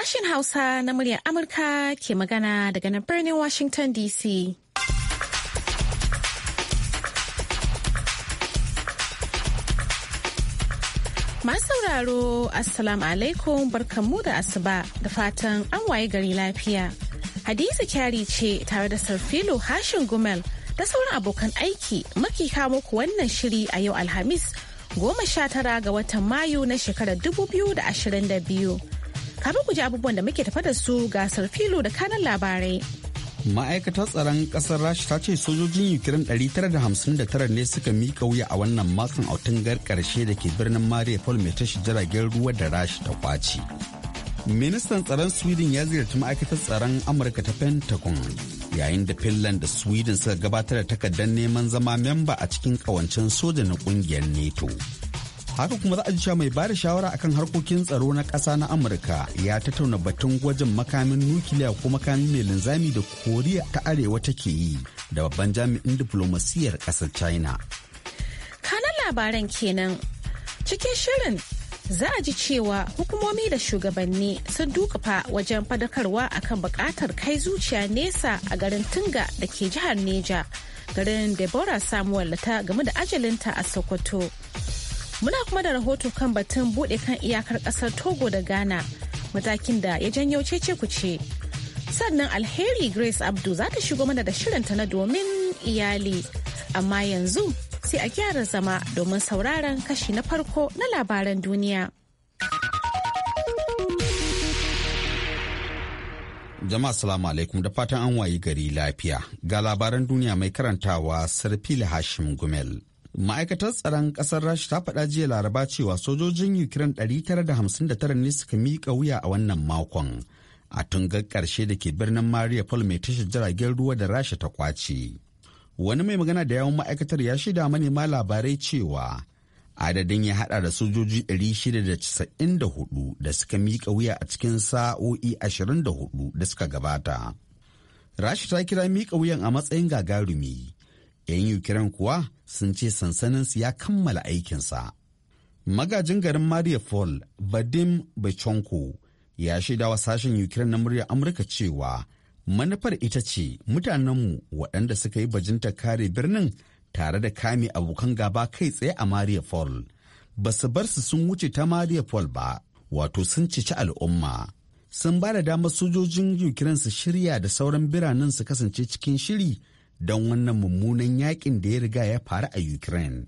Sashen Hausa na muryar Amurka ke magana daga nan birnin Washington DC. Masu sauraro, Assalamu alaikum barkamu da asuba da fatan an waye gari lafiya. Hadiza kyari ce tare da Sarfilo Hashin Gumel da sauran abokan aiki maki kamo ku wannan shiri a yau Alhamis goma sha tara ga watan Mayu na shekarar dubu da da ashirin biyu. Kafin ku ji abubuwan da muke tafa da su gasar filo da kanan labarai. Ma'aikatar tsaron ƙasar Rasha ta ce sojojin Ukraine 959 ne suka mika wuya a wannan makon autungar ƙarshe da ke birnin Mariupol mai tashi jiragen ruwa da Rasha ta kwaci. Ministan tsaron Sweden ya ziyarci ma'aikatar tsaron Amurka ta Pentagon yayin da Finland da Sweden suka gabatar da takardar neman zama memba a cikin kawancen soja na ƙungiyar NATO. haka kuma za a ji mai bada shawara akan harkokin tsaro na ƙasa na amurka ya tattauna batun gwajin makamin nukiliya ko makamin mai linzami da koriya ta arewa take yi da babban jami'in diflomasiyyar ƙasar china kanan labaran kenan cikin shirin za a ji cewa hukumomi da shugabanni sun dukafa wajen fadakarwa akan bukatar kai zuciya nesa a garin tunga da ke jihar neja garin deborah samuel ta game da ajalinta a sokoto Muna kuma da rahoto kan batun bude kan iyakar kasar Togo da Ghana matakin da ya janyo cece ce Sannan alheri Grace Abdu za ta shigo mana da shirinta na domin iyali. Amma yanzu sai a gyara zama domin sauraron kashi na farko na labaran duniya. Jama'a salamu alaikum da fatan an wayi gari lafiya. Ga labaran duniya mai karantawa Sarfila Hashim Gumel. ma'aikatar tsaron ƙasar rasha ta faɗa jiya laraba cewa sojojin ukraine 959 ne suka miƙa wuya a wannan makon a tun ƙarshe da ke birnin maria paul mai tashar jiragen ruwa da rasha ta kwace wani mai magana da yawon ma'aikatar ya shaida manema labarai cewa adadin ya haɗa da sojoji 694 da suka miƙa wuya a cikin sa'o'i 24 da suka gabata rasha ta kira miƙa wuyan a matsayin gagarumi 'yan ukraine kuwa sun ce sansaninsu ya kammala aikinsa magajin garin mariupol badim bechonko ya shaida wa sashen ukraine na muryar amurka cewa manufar ita ce mutanenmu waɗanda suka yi bajinta kare birnin tare da kame abokan gaba kai tsaye a mariupol ba su bar su sun wuce ta mariupol ba wato sun cici al'umma sun ba da damar sojojin ukraine su shirya da sauran biranen su kasance cikin shiri don wannan mummunan yakin da ya riga ya faru a ukraine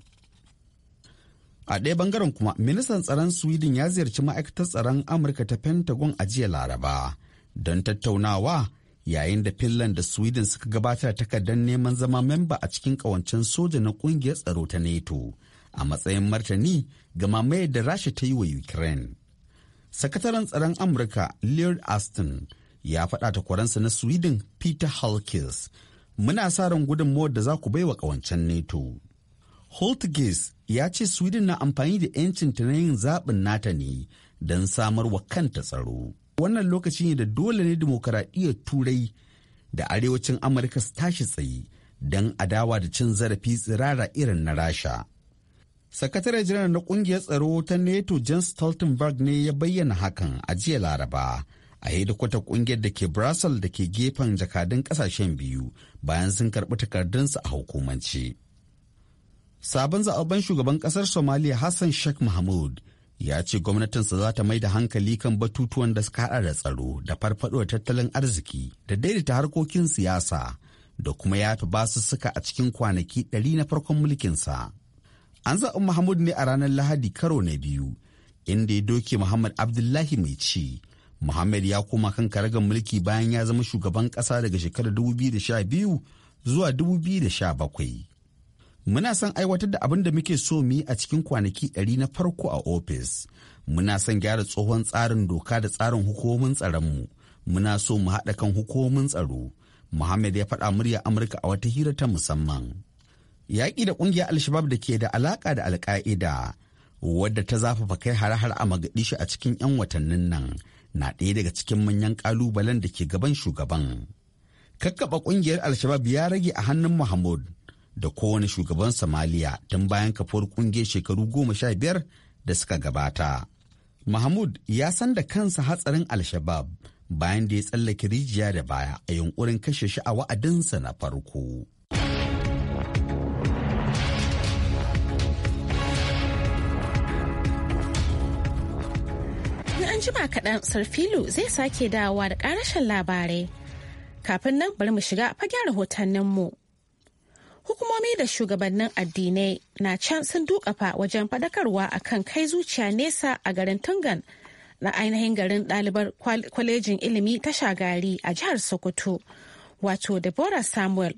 a ɗaya bangaren kuma ministan tsaron sweden ya ziyarci ma'aikatar tsaron amurka ta pentagon a jiya laraba don tattaunawa yayin da finland da sweden suka gabatar takardar neman zama memba a cikin kawancen soja na ƙungiyar tsaro ta nato a matsayin martani ga mamayar da rasha ta yi wa ukraine sakataren tsaron amurka lear aston ya faɗa takwaransa na sweden peter halkis muna sa ran gudunmawar da za ku bai wa ƙawancen neto holtgis ya ce sweden na amfani da 'yancin ta na yin zaɓin nata ne don samar wa kanta tsaro wannan lokaci ne da dole ne demokaradiyyar turai da arewacin amurka su tashi tsaye don adawa da cin zarafi tsirara irin na rasha Sakatare jiran na ƙungiyar tsaro ta NETO, jens stoltenberg ne ya bayyana hakan a jiya laraba a kwata kungiyar da ke Brussels da ke gefen jakadun kasashen biyu bayan sun karɓi takardunsu a hukumance. Sabon zaɓen shugaban ƙasar Somalia Hassan Sheikh Mahmud ya ce gwamnatinsa za ta mai da hankali kan batutuwan da suka haɗa da tsaro da farfaɗo tattalin arziki da daidaita harkokin siyasa da kuma ya fi yafi suka a cikin kwanaki ɗari na farkon mulkinsa. An zaɓi Mahmud ne a ranar Lahadi karo na biyu, inda ya doke Muhammad Abdullahi mai ci Muhammad ya koma kan karagar mulki bayan ya zama shugaban ƙasa daga shekarar 2012 zuwa 2017. Muna son aiwatar da abin da muke so mu yi a cikin kwanaki ɗari na farko a ofis. Muna son gyara tsohon tsarin doka da tsarin hukumomin tsaronmu. Muna so mu haɗa kan hukumomin tsaro. Muhammad ya faɗa murya Amurka a wata hira ta musamman. Yaƙi da ƙungiyar Alshabab da ke da alaƙa da Alƙa'ida, wadda ta zafafa kai har-har a shi a cikin 'yan watannin nan, na ɗaya daga cikin manyan ƙalubalen da ke gaban shugaban. Kakkaɓa ƙungiyar Alshabab ya rage a hannun Mahmud da kowane shugaban Somalia tun bayan kafuwar ƙungiyar shekaru goma sha biyar da suka gabata. Mahmud ya san da kansa hatsarin Alshabab bayan da ya tsallake rijiya da baya a yunkurin kashe shi a wa'adinsa na farko. jima kaɗan sarfilu zai sake dawowa da ƙarashin labarai kafin nan bari mu shiga fagen mu hukumomi da shugabannin addinai na can sun dukafa wajen faɗakarwa kan kai zuciya nesa a garin tungan na ainihin garin ɗalibar kwalejin ilimi ta shagari a jihar sokoto wato deborah samuel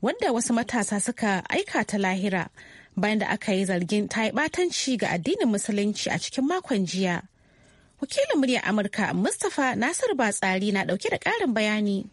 wanda wasu matasa suka aika ta lahira bayan da aka yi zargin ta yi ɓatanci ga addinin musulunci a cikin makon jiya Wakilin muryar Amurka Mustapha Nasir Batsari na ɗauke da ƙarin bayani.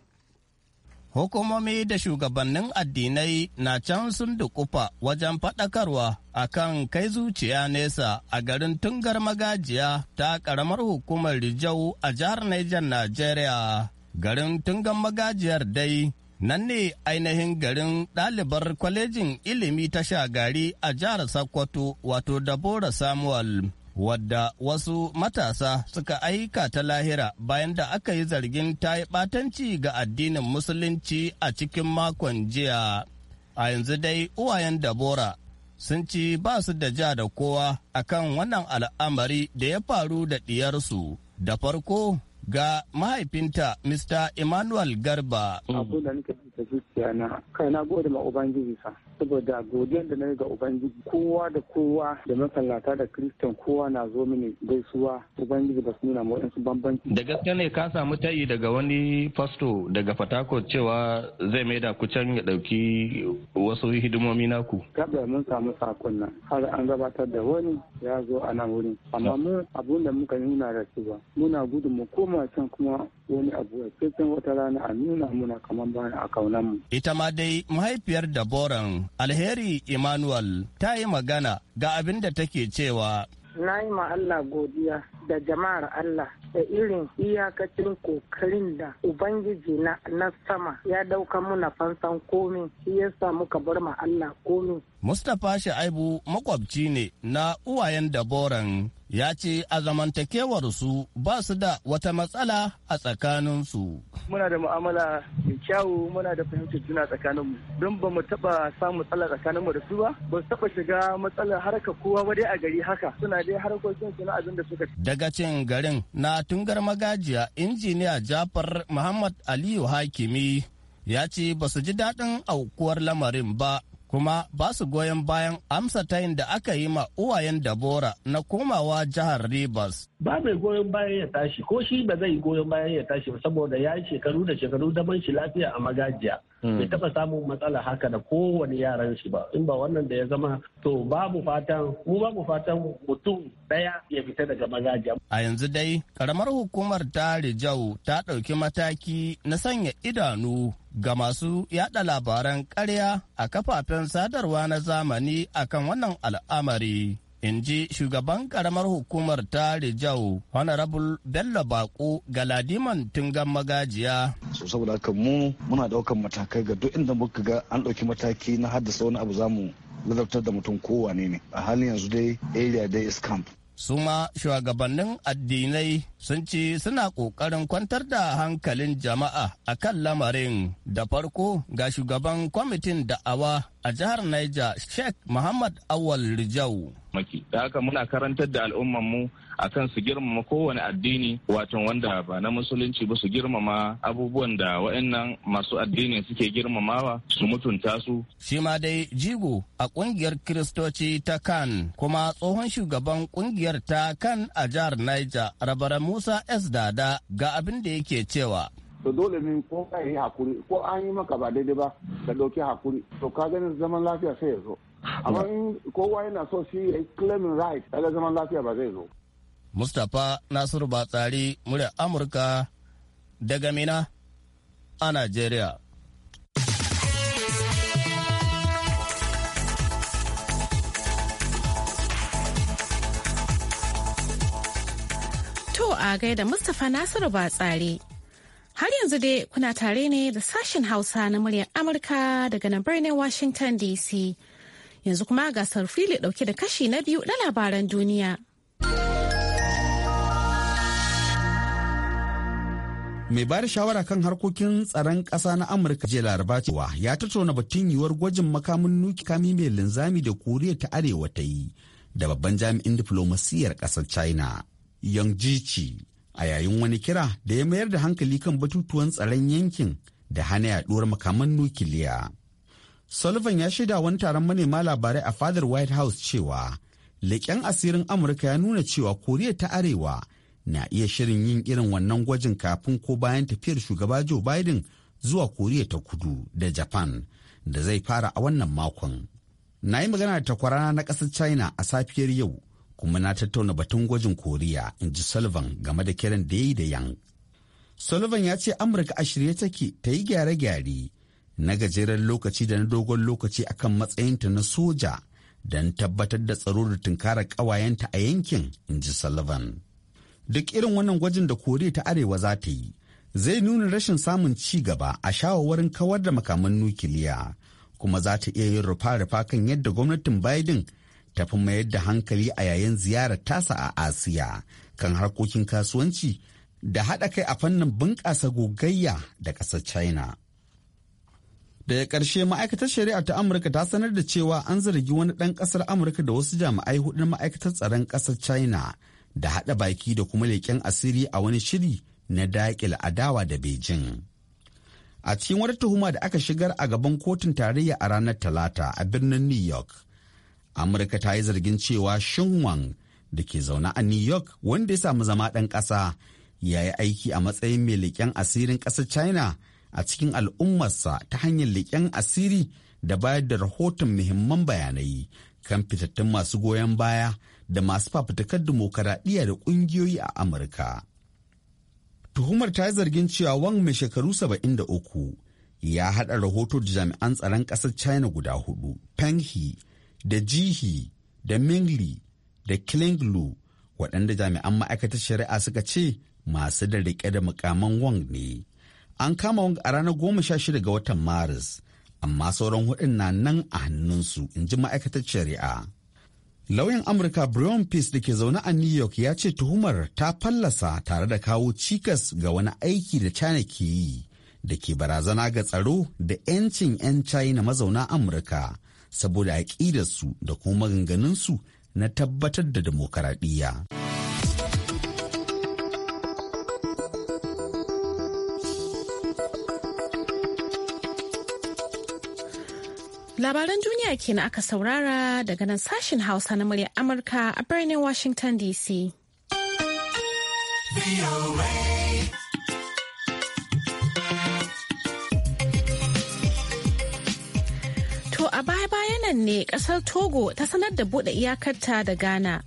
Hukumomi da shugabannin addinai na can sun dukufa wajen faɗakarwa a kan kai zuciya nesa a garin tungar magajiya ta karamar hukumar Rijau a jihar Niger, Najeriya. Garin tungar magajiyar dai nan ne ainihin garin ɗalibar kwalejin ilimi ta shagari a jihar Sokoto wato Dabora Samuel wadda wasu matasa suka aika ta lahira bayan da aka yi zargin ta yi ɓatanci ga addinin musulunci a cikin makon jiya a yanzu dai uwayen dabora sun ci ba su da ja da kowa kan wannan al'amari da ya faru da ɗiyarsu da farko ga mahaifinta mr emmanuel garba da zuciya na kai na gode ma ubangiji sa saboda godiyar da na yi ga ubangiji kowa da kowa da masallata da kristan kowa na zo mini gaisuwa ubangiji ba su nuna ma wadansu bambanci da gaske ne ka samu tayi daga wani fasto daga fatako cewa zai maida ku can ya dauki wasu hidimomi naku kada mun samu sakon nan har an gabatar da wani ya zo a nan wurin amma mu abun da muka nuna da cewa muna gudun mu koma can kuma wani abu a cikin wata rana a nuna muna kamar bayan akan mu. Ita ma dai mahaifiyar Daboran Alheri Emmanuel ta yi magana ga abin da take cewa. Na yi ma Allah godiya da jama'ar Allah da irin iyakacin kokarin da Ubangiji na sama ya dauka muna fansan komi shi ya samu ka bar ma Allah komi. Mustapha Shaibu makwabci ne na uwayen Daboran ya ce a su ba su da wata matsala a tsakaninsu. Muna da mu'amala mai kyawu muna da fahimtar juna tsakaninmu don ba mu taɓa samun matsala tsakaninmu da su ba ba su taɓa shiga matsalar harka kowa ba dai a gari haka suna dai harkokin su na abin da suka Daga cin garin na tungar magajiya injiniya Jafar Muhammad Aliyu Hakimi ya ce ba su ji daɗin aukuwar lamarin ba kuma ba su goyon bayan amsa tayin da aka yi ma uwayen dabora na komawa jihar Rivers. Ba mai goyon bayan ya tashi ko shi ba zai goyon bayan ya tashi ba saboda ya yi shekaru da shekaru daban shi lafiya a magajiya. bai mm. taɓa samun matsala haka da kowane yaran shi ba in ba wannan da ya zama to babu fatan mu babu fatan mutum daya ya fita daga mazaja a yanzu dai karamar hukumar ta Rijau ta ɗauki mataki na sanya idanu ga masu yaɗa labaran ƙarya a kafafen sadarwa na zamani akan wannan al'amari in shugaban karamar hukumar ta Rijau Honorable Bello Bako Galadiman Tungan Magajiya. So saboda haka mu muna daukan matakai ga duk inda muka ga an dauki mataki na haddasa wani abu zamu ladabtar da mutum kowane ne. A halin yanzu dai area dai is camp. Suma shugabannin addinai sun ce suna ƙoƙarin kwantar da hankalin jama'a a kan lamarin da farko ga shugaban kwamitin da'awa a jihar Niger Sheikh Muhammad Awal Rijau. Maki, da haka muna karantar da al'ummanmu a kan su girmama kowane addini wato wanda ba na musulunci ba su girmama abubuwan da wa'annan masu addini suke girmamawa su mutunta su. shima dai jigo a ƙungiyar Kiristoci ta kan kuma tsohon shugaban ƙungiyar ta kan a jihar Niger rabaran Musa S. Dada ga abin da yake cewa. to dole ne ko ka yi hakuri ko an yi maka ba daidai ba ka ɗauki hakuri to ka ganin zaman lafiya sai ya zo amma in kowa yana so shi ya claiming right daga zaman lafiya ba zai zo Mustapha Nasiru Batsari murya Amurka daga Mina a Najeriya a da Mustapha Nasiru Batsari. Har yanzu dai kuna tare ne da sashen Hausa na muryar Amurka daga na birnin Washington DC. Yanzu kuma gasar fili dauke da kashi na biyu na labaran duniya. Mai ba shawara kan harkokin tsaron ƙasa na Amurka jiya laraba cewa ya tattauna batun yiwuwar gwajin makamin kami mai linzami da Koriya ta Arewa ta yi da babban jami'in diflomasiyyar ƙasar China. Yongjichi a yayin wani kira da ya mayar da hankali kan batutuwan tsaron yankin da hana yaduwar makaman nukiliya. Sullivan ya shaida wani taron manema labarai a fadar White House cewa leƙen asirin Amurka ya nuna cewa Koriya ta Arewa na iya shirin yin irin wannan gwajin kafin ko bayan tafiyar shugaba Joe Biden zuwa Koriya ta Kudu da Japan da zai fara a wannan makon. Na yi magana da takwarana na ƙasar China a safiyar yau kuma na tattauna batun gwajin koriya in ji sullivan game da kiran da ya yi da yang sullivan ya ce amurka a shirye take ta yi gyare-gyare na gajeren lokaci da na dogon lokaci akan matsayinta na soja don tabbatar da tsaro da tunkara ƙawayenta a yankin in ji sullivan duk irin wannan gwajin da koriya ta arewa za ta yi zai nuna rashin samun ci gaba a shawarwarin kawar da makaman nukiliya kuma za ta iya yin rufa-rufa kan yadda gwamnatin biden tafi mayar da hankali a yayin ziyarar tasa a asiya kan harkokin kasuwanci da haɗa kai a fannin bunƙasa gogayya da ƙasar china daga ƙarshe ma'aikatar shari'a ta amurka ta sanar da cewa an zargi wani ɗan ƙasar amurka da wasu jami'ai hudu na ma'aikatar tsaron ƙasar china da haɗa baki da kuma leƙen asiri a wani shiri na daƙil adawa da beijing a cikin wata tuhuma da aka shigar a gaban kotun tarayya a ranar talata a birnin new york amurka ta yi zargin cewa shinwang da ke zaune a new york wanda ya samu zama ɗan ƙasa ya yi aiki a matsayin mai leƙen asirin ƙasar china a cikin al'ummarsa ta hanyar leƙen asiri da bayar da rahoton muhimman bayanai kan fitattun masu goyon baya da masu fafutukar dimokuraɗiyya da ƙungiyoyi a amurka tuhumar ta yi zargin cewa wang mai shekaru saba'in da uku ya haɗa rahoto da jami'an tsaron ƙasar china guda hudu peng he da jihi da mingli da klinglu waɗanda jami'an ma'aikatar shari'a suka ce masu da riƙe da mukaman wang ne an kama wang a ranar goma sha shida ga watan maris amma sauran hudun na nan a hannunsu in ji ma'aikatar shari'a lauyan amurka brian peace da ke zaune a new york ya ce tuhumar ta fallasa tare da kawo cikas ga wani aiki da china ke yi da ke barazana ga tsaro da 'yancin 'yan china mazauna amurka saboda aƙidarsu da kuma maganganunsu na tabbatar da demokaradiyya. Labaran duniya kenan aka saurara daga nan sashen Hausa na muryar Amurka a birnin Washington DC. wannan ne kasar Togo ta sanar da buɗe iyakarta da Ghana,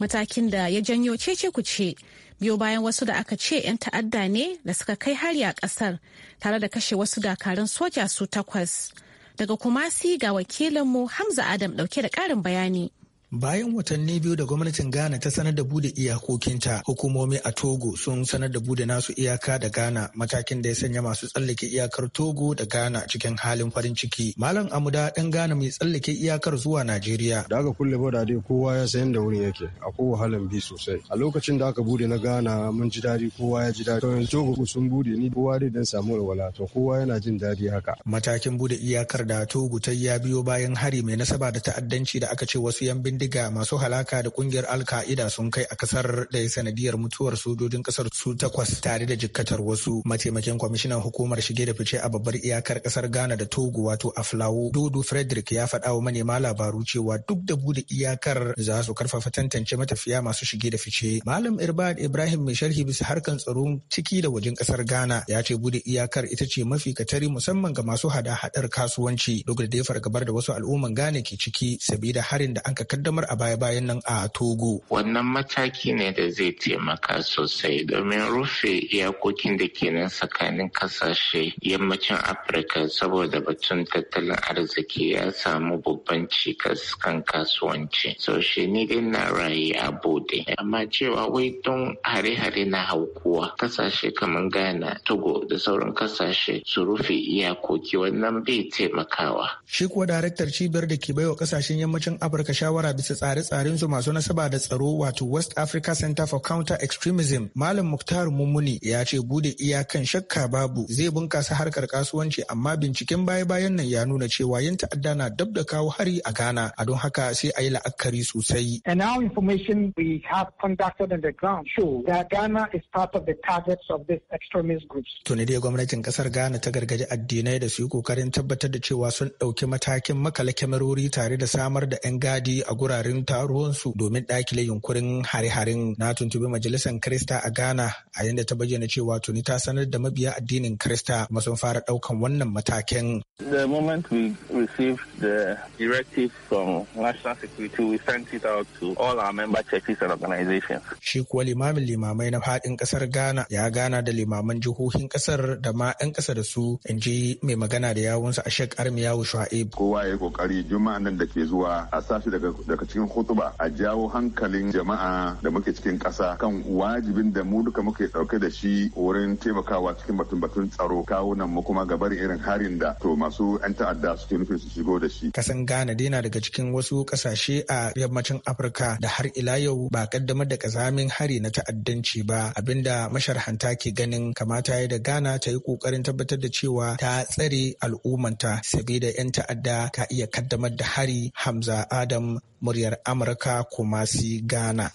matakin da ya janyo cece kuce biyo bayan wasu da aka ce 'yan ta'adda ne da suka kai hari a kasar tare da kashe wasu dakarun soja su takwas. Daga Kumasi ga wakilinmu Hamza Adam dauke da karin bayani. Bayan watanni biyu da gwamnatin Ghana ta sanar da bude iyakokinta, hukumomi a Togo sun sanar da bude nasu iyaka da Ghana matakin da ya sanya masu tsallake iyakar Togo da Ghana cikin halin farin ciki. Malam Amuda ɗan Ghana mai tsallake iyakar zuwa Najeriya. Da aka kulle bada dai kowa ya sayan da wurin yake, akwai wahalan bi sosai. A lokacin da aka bude na Ghana mun ji daɗi kowa ya ji daɗi. To yanzu Togo sun bude ni kowa dai dan samu walwala to kowa yana jin daɗi haka. Matakin bude iyakar da Togo ta ya biyo bayan hari mai nasaba da ta'addanci da aka ce wasu yan bindiga masu halaka da kungiyar alka'ida sun kai a kasar da ya sanadiyar mutuwar sojojin kasar su takwas tare da jikkatar wasu mataimakin kwamishinan hukumar shige da fice a babbar iyakar kasar ghana da togo wato a aflawo dodo frederick ya faɗa wa manema labaru cewa duk da bude iyakar za su karfafa tantance matafiya masu shige da fice malam irbad ibrahim mai sharhi bisa harkan tsaron ciki da wajen kasar ghana ya ce bude iyakar ita ce mafi katari musamman ga masu hada-hadar kasuwanci duk da dai fargabar da wasu al'umman ghana ke ciki sabida harin da an kadda. kaddamar a baya-bayan nan a Togo. Wannan mataki ne da zai taimaka sosai domin rufe iyakokin da ke nan tsakanin kasashe yammacin Afirka saboda batun tattalin arziki ya samu babban cikas kan kasuwanci. So shi ni dai na raye a bude. Amma cewa wai don hare-hare na haukuwa kasashe kamar Ghana, Togo da sauran kasashe su rufe iyakoki wannan bai taimakawa. Shi kuwa daraktar cibiyar da ke baiwa kasashen yammacin Afirka shawara bisa tsare-tsaren su masu nasaba da tsaro wato West Africa Center for Counter Extremism Malam Muktar Mummuni ya ce bude iyakan shakka babu zai bunkasa harkar kasuwanci amma binciken baya-bayan nan ya nuna cewa yin ta'adda na dab da kawo hari a Ghana a don haka sai a yi la'akari sosai. And now information we have conducted on the ground show that Ghana is part of the targets of these extremist groups. Tuni dai gwamnatin kasar Ghana ta gargaji addinai da su yi kokarin tabbatar da cewa sun ɗauki matakin makala kyamarori tare da samar da 'yan gadi a guraren taruwansu domin dakile yunkurin hare-haren na tuntubi majalisar Kirista a Ghana a yadda ta bayyana cewa tuni ta sanar da mabiya addinin Kirista, kuma sun fara ɗaukan wannan matakin. The moment we received the directive from National Security, we sent it out to all our member churches and organizations. Shi kuwa limamin limamai na faɗin kasar Ghana ya gana da limaman jihohin kasar da ma 'yan kasa da su in ji mai magana da yawunsa a Sheikh Armiyawu Shu'aib. Kowa ya kokari juma'an nan da ke zuwa a sashi daga daga cikin hutuba a jawo hankalin jama'a da muke cikin ƙasa kan wajibin da mu duka muke ɗauke da shi wurin taimakawa cikin batun batun tsaro kawunan mu kuma gabar irin harin da to masu 'yan ta'adda suke nufin su shigo da shi. Kasan Ghana dai na daga cikin wasu kasashe a yammacin Afirka da har ila yau ba ƙaddamar da ƙazamin hari na ta'addanci ba abinda masharhanta ke ganin kamata ya da Ghana ta yi ƙoƙarin tabbatar da cewa ta tsare al'ummanta sabida 'yan ta'adda ka iya kaddamar da hari Hamza Adam muryar Amurka Kumasi Ghana.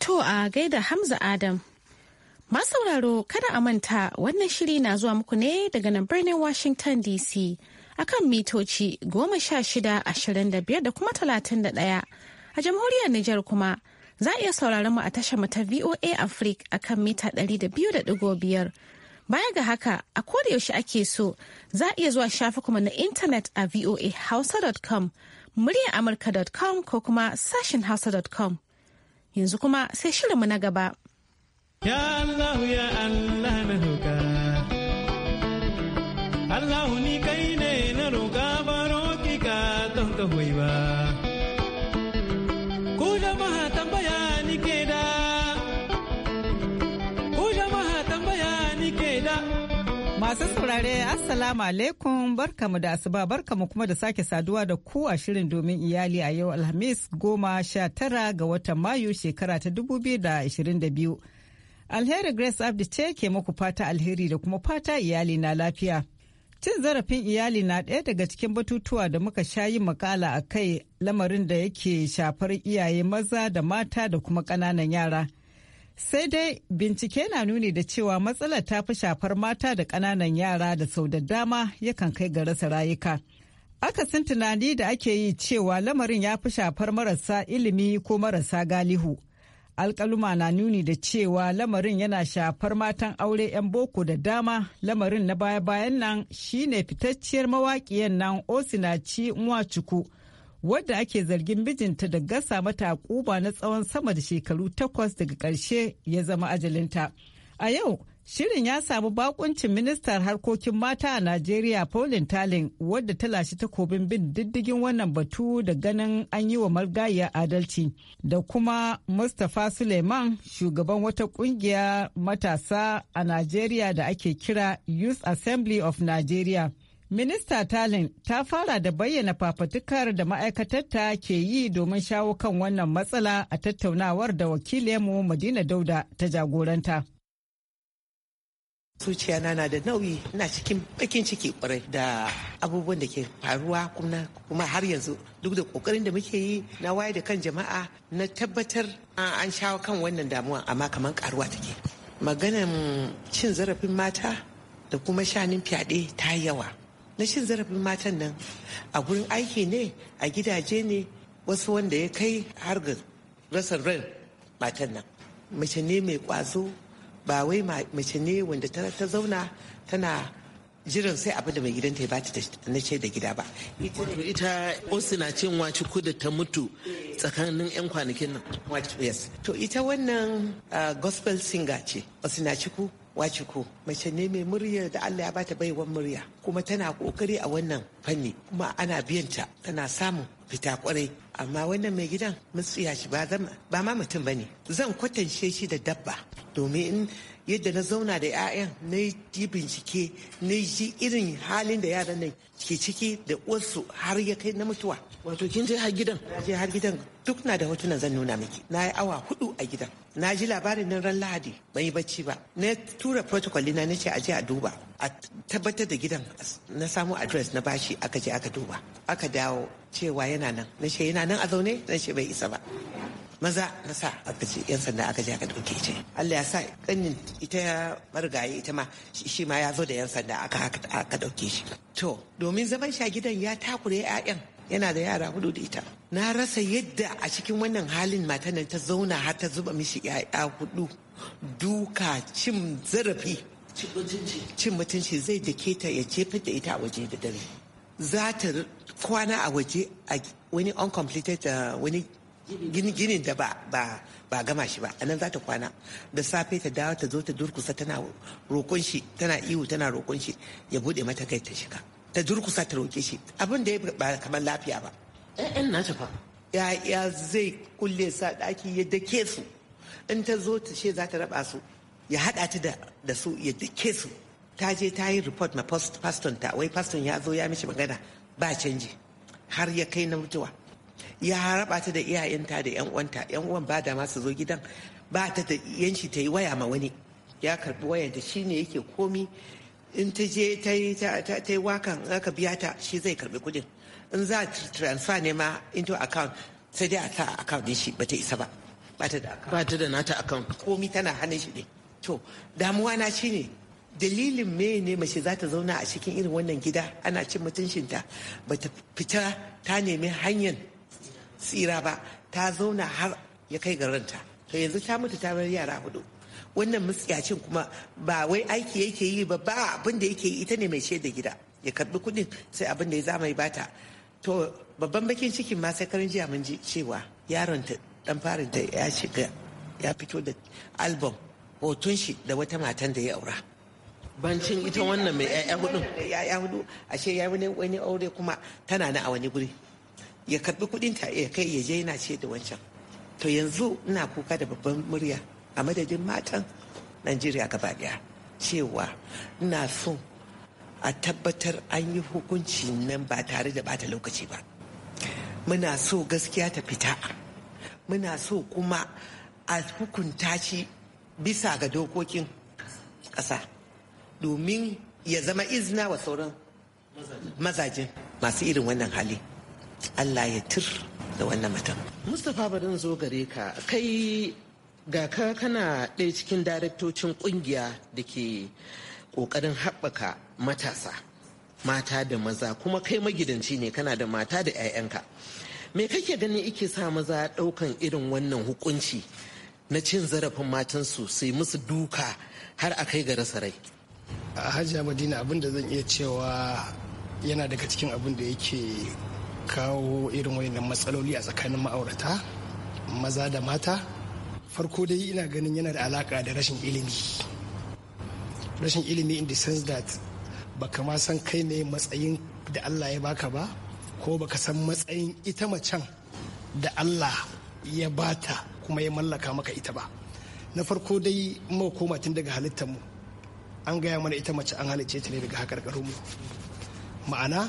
To a gaida Hamza Adam. Masauraro kada a manta wannan shiri na zuwa muku ne daga nan birnin Washington DC akan mitoci goma sha shida ashirin da biyar da kuma talatin da ɗaya. A jamhuriyar Nijar kuma za a iya sauraron mu a tashar mu ta VOA Africa akan mita ɗari da biyu da ɗigo biyar. Baya ga haka a koda yaushe ake so za a iya zuwa shafi kuma na intanet a voahausa.com muryar amurka.com ko kuma sashen hausa.com yanzu kuma sai shirinmu na gaba. Ya Allah ya Allah na roƙa. Allah ni kai ne na roƙa baro ki ka don ka ba. Masu saurare Assalamu alaikum barkamu da asuba barkamu kuma da sake saduwa da ku a shirin domin iyali a yau Alhamis goma sha tara ga watan Mayu shekara ta dubu biyu da ashirin da biyu. Alheri Grace Abdi ce ke muku fata alheri da kuma fata iyali na lafiya. Cin zarafin iyali na ɗaya daga cikin batutuwa da muka sha yi makala a kai lamarin da yake shafar iyaye maza da mata da kuma ƙananan yara. sai dai bincike na nuni da cewa matsalar ta fi shafar mata da ƙananan yara da sau da dama yakan kai ga rasa rayuka akasin tunani da ake yi cewa lamarin ya fi shafar marasa ilimi ko marasa galihu alkaluma na nuni da cewa lamarin yana shafar matan aure 'yan boko da dama lamarin na baya-bayan nan shine fitacciyar mawaƙiyan nan osinaci nwachuku wadda ake zargin mijinta da gasa mata kuba na tsawon sama da shekaru takwas daga ƙarshe ya zama ajalinta. A yau, shirin ya samu bakuncin ministar harkokin mata a Najeriya Paulin Talin wadda ta lashe takobin bin diddigin wannan batu da ganin an yi wa margayya adalci da kuma Mustapha Suleiman shugaban wata kungiya matasa a Najeriya da ake kira Youth Assembly of Nigeria. Minista Talin ta fara da bayyana fafatukar da ma'aikatarta ke yi domin shawo kan wannan matsala a tattaunawar da wakilinmu Madina Dauda ta jagoranta. zuciya na da nauyi na cikin bakin ciki kwarai da abubuwan da ke faruwa kuma har yanzu duk da kokarin da muke yi na waye da kan jama'a na tabbatar an shawo kan wannan damuwa amma kamar karuwa take maganan cin zarafin mata da kuma shanin fyaɗe ta yawa na shin zarafin matan nan a gurin aiki ne a gidaje ne wasu wanda ya kai har ga rasa ran matan nan mace ne mai kwazo ba wai mace ne wanda ta zauna tana jiran sai abin da mai gidanta ya bata na ce da gida ba. Ita Osina cin wace kuda ta mutu tsakanin 'yan kwanakin nan. Yes. To ita wannan ah, gospel singer ce, Osina ciku. ko mace ne mai murya da Allah ya bata baiwan murya kuma tana kokari a wannan fanni kuma ana biyan ta tana samun fita kwarai amma wannan mai gidan mutsiya shi ba ma mutum bane zan kwatance shi da dabba domin yadda na zauna da 'ya'yan na yi bincike na ji irin halin da yaran nan ke ciki da wasu har ya kai na mutuwa wato kin je har gidan je har gidan duk na da hotunan zan nuna miki na yi awa hudu a gidan na ji labarin nan ran lahadi ban yi bacci ba na tura protocol na na ce a je a duba a tabbatar da gidan na samu address na bashi aka je aka duba aka dawo cewa yana nan na ce yana nan a zaune na ce bai isa ba maza na sa aka ce yan sanda aka je aka dauke ce Allah ya sa kanin ita ya margaye ita ma shi ma ya zo da yan sanda aka aka dauke shi to domin zaman sha gidan ya takure 'ya'yan yana da yara hudu da ita na rasa yadda a cikin wannan halin matan nan ta zauna har ta zuba mishi 'ya'ya hudu duka cin zarafi cin mutunci zai dake ta ya jefar da ita a waje da dare za ta kwana a waje a wani uncompleted uh, wani ginin da ba ba ba gama shi ba anan za ta kwana da safe ta dawo ta zo ta durkusa tana roƙon shi tana ihu tana roƙon shi ya bude mata kai ta shiga ta durkusa ta roƙe shi abin da ya ba kamar lafiya ba ƴaƴan na fa ya zai kulle sa ɗaki ya dake su in ta zo ta she za ta raba su ya haɗa ta da su ya dake su ta je ta yi report ma paston ta wai paston ya zo ya mishi magana ba canji har ya kai na mutuwa ya raba ta da iyayenta da yan uwanta yan uwan ba da masu zo gidan ba ta da yanci ta yi waya ma wani ya karbi wayanta shine yake komi in ta je ta yi wakan aka biya ta shi zai karbi kudin in za transfer ne ma into account sai dai a sa account din shi ba ta isa ba ta da account ta da nata account komi tana hannun shi ne to damuwa na shine dalilin me ne mace za ta zauna a cikin irin wannan gida ana cin mutuncinta bata fita ta nemi hanyar tsira ba ta zauna har ya kai ga ranta to yanzu ta mutu ta bar yara hudu wannan mutsiyacin kuma ba wai aiki yake yi ba ba abin da yake yi ita ne mai shaida gida ya karbi kudin sai abin da ya zama bata to babban bakin cikin ma sai karin jiya mun ji cewa yaron ta dan farin ta ya shiga ya fito da album hoton shi da wata matan da ya aura bancin ita wannan mai ya'ya hudu ya'ya hudu ashe ya yi wani aure kuma tana na a wani guri ya karbi kudin ta ya kai ya je yana ce da wancan to yanzu ina kuka da babban murya a madadin matan najeriya gaba daya cewa ina so a tabbatar an yi hukunci nan ba tare da bata lokaci ba muna so gaskiya ta fita muna so kuma a hukunta shi bisa ga dokokin ƙasa domin ya zama izina wa sauran mazajin masu irin wannan hali. Allah ya tir da wannan mutum. Mustapha barin zo gare ka kai ga ka kana ɗaya cikin daraktocin ƙungiya da ke ƙoƙarin haɓaka matasa mata da maza kuma kai magidanci ne kana da mata da 'ya'yanka me kake gani ike sa maza ɗaukan irin wannan hukunci na cin zarafin matansu sai musu duka har a kai ga rasa rai a Hajji madina abin da zan iya cewa yana daga cikin abin da yake kawo irin wayannan matsaloli a tsakanin ma'aurata maza da mata farko dai ina ganin yana da alaka da rashin ilimi rashin ilimi in the sense that baka ma san kai ne matsayin da Allah ya baka ba ko baka san matsayin ita macen da Allah ya bata kuma ya mallaka maka ita ba na farko dai mawa koma tun daga halittar mu an gaya mana ita mace an halicce ta ne daga hakarkarin mu ma'ana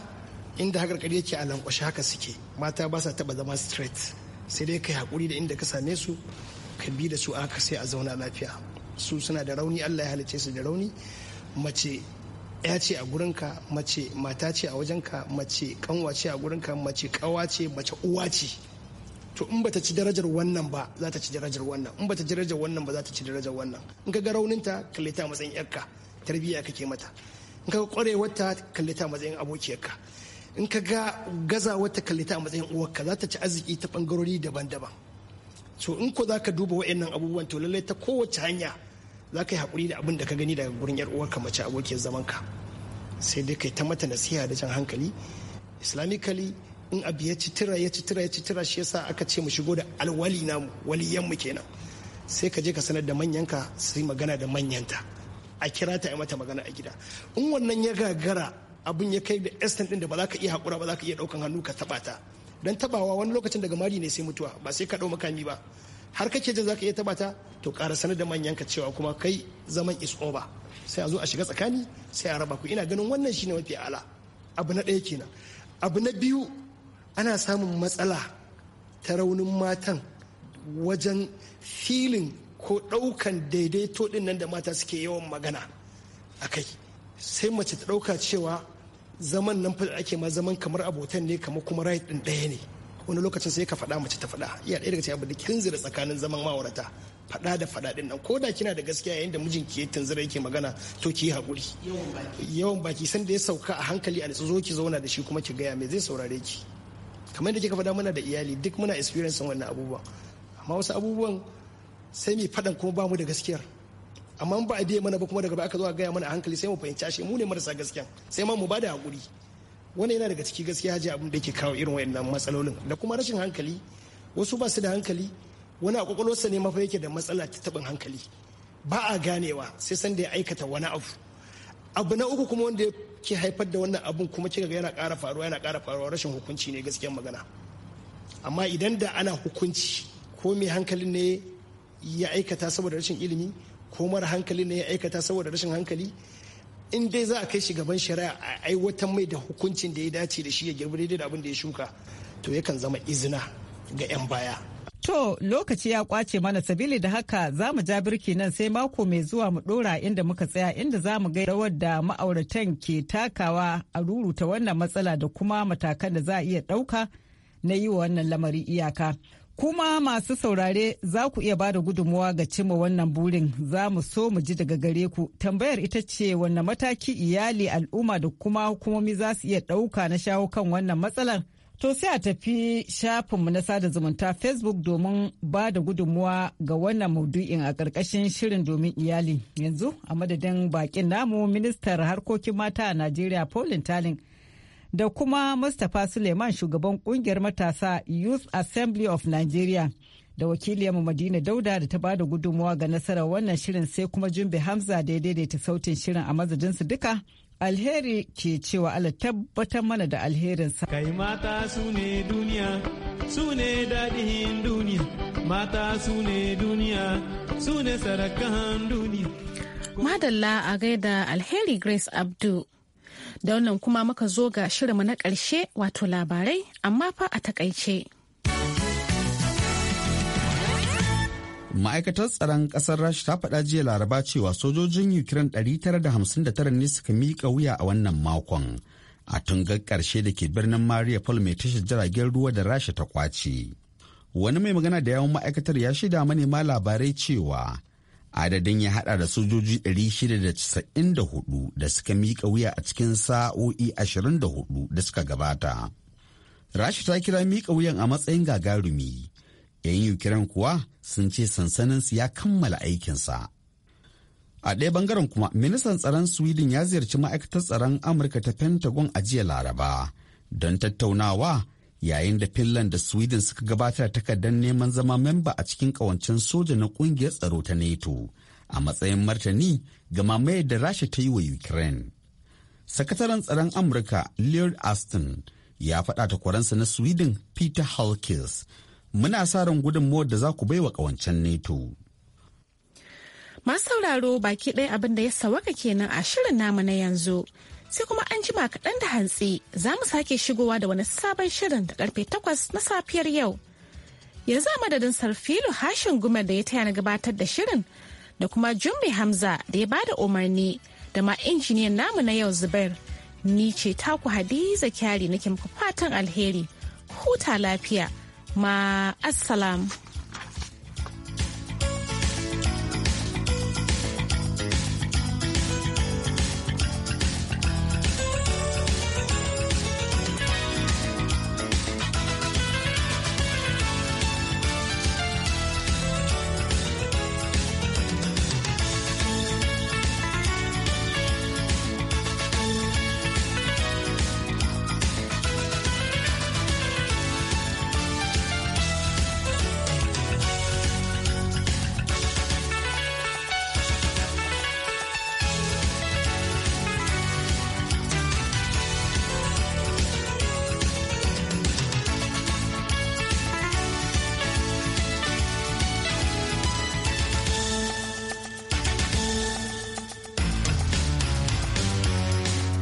inda hakarkari yake a lankwashe haka suke mata ba sa taba zama straight sai dai ka yi hakuri da inda ka same su ka bi da su aka sai a zauna lafiya su suna da rauni Allah ya halice su da rauni mace ya ce a gurinka mace mata ce a wajenka mace kanwa ce a gurinka mace kawa ce mace uwa ce to in bata ci darajar wannan ba za ta ci darajar wannan in bata ci darajar wannan ba za ta ci darajar wannan in ka ga rauninta kalle ta matsayin yarka tarbiyya kake mata in ka ga kwarewarta kalle ta matsayin abokiyarka in ka ga gazawar ta kalli ta a matsayin uwarka za ta ci arziki ta bangarori daban-daban so in ko za ka duba wa'annan abubuwan to lallai ta kowace hanya za ka yi haƙuri da abin da ka gani daga gurin yar uwarka mace abokiyar zaman ka sai dai kai ta mata nasiha da jan hankali islamically in abu ya ci tira ya ci tira ya ci tira shi yasa aka ce mu shigo da alwali namu waliyan mu kenan sai ka je ka sanar da manyanka su yi magana da manyanta a kira ta yi mata magana a gida in wannan ya gagara abin ya kai da instant din da ba za ka iya haƙura ba za ka iya ɗaukan hannu ka taɓa ta dan tabawa wani lokacin daga mari ne sai mutuwa ba sai ka ɗau makami ba har kake jin za ka iya taɓa ta to kara sanar da manyan ka cewa kuma kai zaman is ba sai a zo a shiga tsakani sai a raba ku ina ganin wannan shine mafi ala abu na ɗaya kenan abu na biyu ana samun matsala ta raunin matan wajen filin ko ɗaukan daidaito ɗin nan da mata suke yawan magana a kai sai mace ta ɗauka cewa zaman nan fada ake ma zaman kamar abotan ne kamar kuma right din ɗaya ne wani lokacin sai ka faɗa mace ta faɗa iya ɗaya daga cikin abin da kinzira tsakanin zaman ma'aurata faɗa da faɗa din nan koda kina da gaskiya yayin da mijinki ya tunzura yake magana to ki haƙuri yawan baki san da ya sauka a hankali a zo ki zauna da shi kuma ki gaya mai zai saurare ki kamar da kika faɗa muna da iyali duk muna experience wannan abubuwan amma wasu abubuwan sai mai faɗan kuma ba mu da gaskiyar amma ba a biye mana ba kuma daga ba aka zo a gaya mana a hankali sai mu fahimci shi mu ne marasa gaskiya sai ma mu ba da hakuri wannan yana daga ciki gaskiya haji abin da ke kawo irin wayannan matsalolin da kuma rashin hankali wasu ba su da hankali wani a kwakwalwarsa ne mafa yake da matsala ta tabin hankali ba a ganewa sai san da ya aikata wani abu abu na uku kuma wanda ke haifar da wannan abun kuma kika ga yana ƙara faruwa yana ƙara faruwa rashin hukunci ne gaskiyar magana amma idan da ana hukunci ko mai hankalin ne ya aikata saboda rashin ilimi ko mara hankali ne ya aikata saboda rashin hankali in dai za a kai shi gaban shari'a a aiwatar mai da hukuncin da ya dace da shi ya girbi daidai da abin da ya shuka to yakan zama izina ga 'yan baya To lokaci ya kwace mana sabili da haka za mu ja birki nan sai mako mai zuwa mu dora inda muka tsaya inda za mu ga rawar da ma'auratan ke takawa a ruruta wannan matsala da kuma matakan da za a iya ɗauka na yi wa wannan lamari iyaka. Kuma masu saurare za ku iya bada gudunmuwa ga cimma wannan burin za mu so mu ji daga gare ku. Tambayar ita ce wanne mataki iyali al'umma da kuma hukumomi za su iya ɗauka na shawo kan wannan matsalar. To sai a tafi shafinmu na sada zumunta Facebook domin ba da gudunmuwa ga wannan maudu'in a ƙarƙashin shirin domin iyali. Yanzu a madadin baƙin namu ministar harkokin mata a Najeriya Paulin Talin. da kuma Mustapha Suleiman shugaban kungiyar matasa Youth Assembly of Nigeria. Da wakiliyarmu Madina Dauda da ta bada gudummawa ga nasarar wannan shirin sai kuma Jumbe Hamza da ya daidaita sautin shirin a su duka. Alheri ke cewa Allah tabbatar mana da sa. Kai mata su ne duniya, su ne daɗin duniya, mata su ne duniya, su ne sarakan duniya. Madalla a gaida Alheri Grace Abdu. Da wannan kuma muka zo ga shirinmu na ƙarshe wato labarai amma fa a takaice. ma'aikatar tsaron ƙasar rasha ta faɗa jiya laraba cewa sojojin ukraine 959 ne suka miƙa wuya a wannan makon a tungar ƙarshe da ke birnin maria paul mai tashar jiragen ruwa da rasha ta kwace wani mai magana da yawon ma'aikatar ya shaida manema labarai cewa adadin ya hada da sojoji 694 da suka miƙa wuya a cikin sa'o'i 24 da suka gabata rashi ta kira miƙa wuyan a matsayin gagarumi yayin yukiran kuwa sun ce sansaninsu ya kammala aikinsa a ɗaya bangaren kuma ministan tsaron sweden ya ziyarci ma'aikatar tsaron amurka ta pentagon a jiya laraba don tattaunawa yayin da finland da sweden suka gabata da takardar neman zama memba a cikin kawancen soja na kungiyar tsaro ta nato a matsayin martani ga mamayar da rasha ta yi wa ukraine sakataren tsaron amurka leon aston ya faɗa takwaransa na sweden peter halkis muna sa ran gudunmawar da za ku baiwa kawancen nato masauraro baki ɗaya abin da ya sawaka kenan a shirin namu na yanzu sai kuma an jima kaɗan da hantsi za mu sake shigowa da wani sabon shirin da karfe takwas na safiyar yau. Yanzu a madadin Sarfilu Hashin Gumar da ya taya na gabatar da shirin da kuma Jumbe Hamza da ya bada umarni da ma injiniyan namu na yau Zubair. Ni ce taku Hadiza Kyari nake muku alheri. Huta lafiya. Ma assalamu